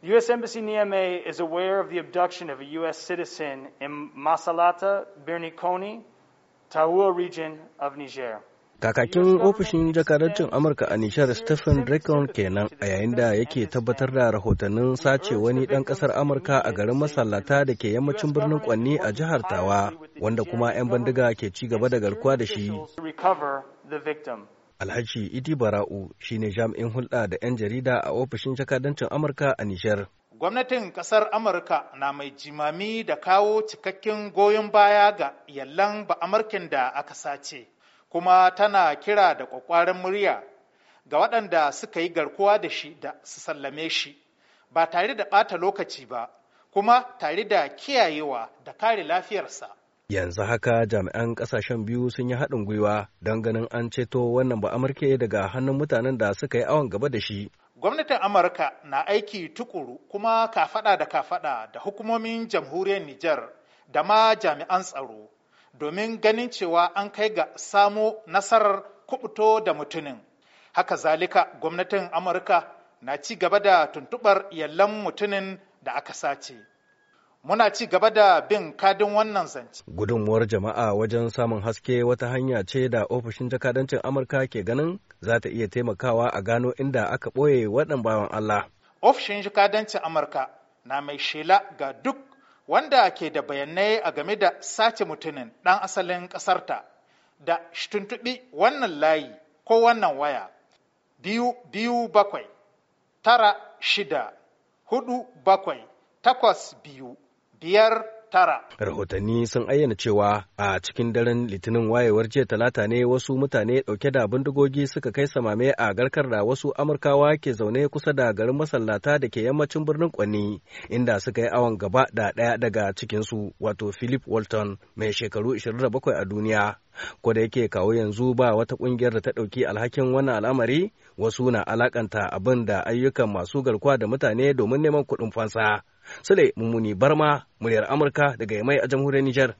The U.S. Embassy Niamey e is aware of the abduction of a U.S. citizen in Masalata, Birnikoni, Tawa region of Niger. Kakakin ofishin jakadancin Amurka a Nishar Stephen Rickon kenan a yayin da yake tabbatar da rahotannin sace wani ɗan ƙasar Amurka a garin masallata da ke yammacin birnin Kwanni a jihar Tawa, wanda kuma 'yan bandiga ke ci gaba da garkuwa da shi. Alhaji Idi Bara'u shine jami'in hulɗa da 'yan jarida a ofishin jakadancin Amurka a Nijar. Gwamnatin ƙasar Amurka na mai jimami da kawo cikakken goyon baya ga yallan ba'amurkin da aka sace, kuma tana kira da ƙwaƙwarin murya ga waɗanda suka yi garkuwa da shi da su sallame shi, ba tare da ɓata lokaci ba, kuma tare da kiyayewa da kare lafiyarsa. Yanzu haka jami'an kasashen biyu sun yi haɗin gwiwa don ganin an ceto wannan ba Amurka daga hannun mutanen da suka yi awon gaba da shi. Gwamnatin Amurka na aiki tukuru kuma kafaɗa da kafaɗa da hukumomin jamhuriyar Nijar da ma jami'an tsaro domin ganin cewa an kai ga samo nasarar kubuto da mutumin. Haka zalika gwamnatin Amurka na ci gaba da tuntuɓar yallan mutumin da aka sace. muna ci gaba da bin kadin wannan zance. Gudunmuwar jama'a wajen samun haske wata hanya ce da ofishin jakadancin Amurka ke ganin za ta iya taimakawa a gano inda aka ɓoye waɗan bawan Allah. Ofishin jakadancin Amurka na mai shela ga duk wanda ke da bayanai a game da sace mutumin ɗan asalin ƙasarta da tuntuɓi wannan layi ko wannan waya biyu biyu bakwai tara shida hudu bakwai takwas biyu biyar tara. Rahotanni sun ayyana cewa a cikin daren litinin wayewar jiya talata ne wasu mutane dauke da bindigogi suka kai samame a garkar da wasu Amurkawa ke zaune kusa da garin masallata da ke yammacin birnin Kwanni inda suka yi awon gaba da ɗaya daga cikinsu wato Philip Walton mai shekaru 27 a duniya. ko da yake kawo yanzu ba wata kungiyar da ta ɗauki alhakin wannan al'amari wasu na alakanta abin da ayyukan masu garkuwa da mutane domin neman kuɗin fansa sule mummuni barma muryar amurka daga yamai a jamhuriyar nijar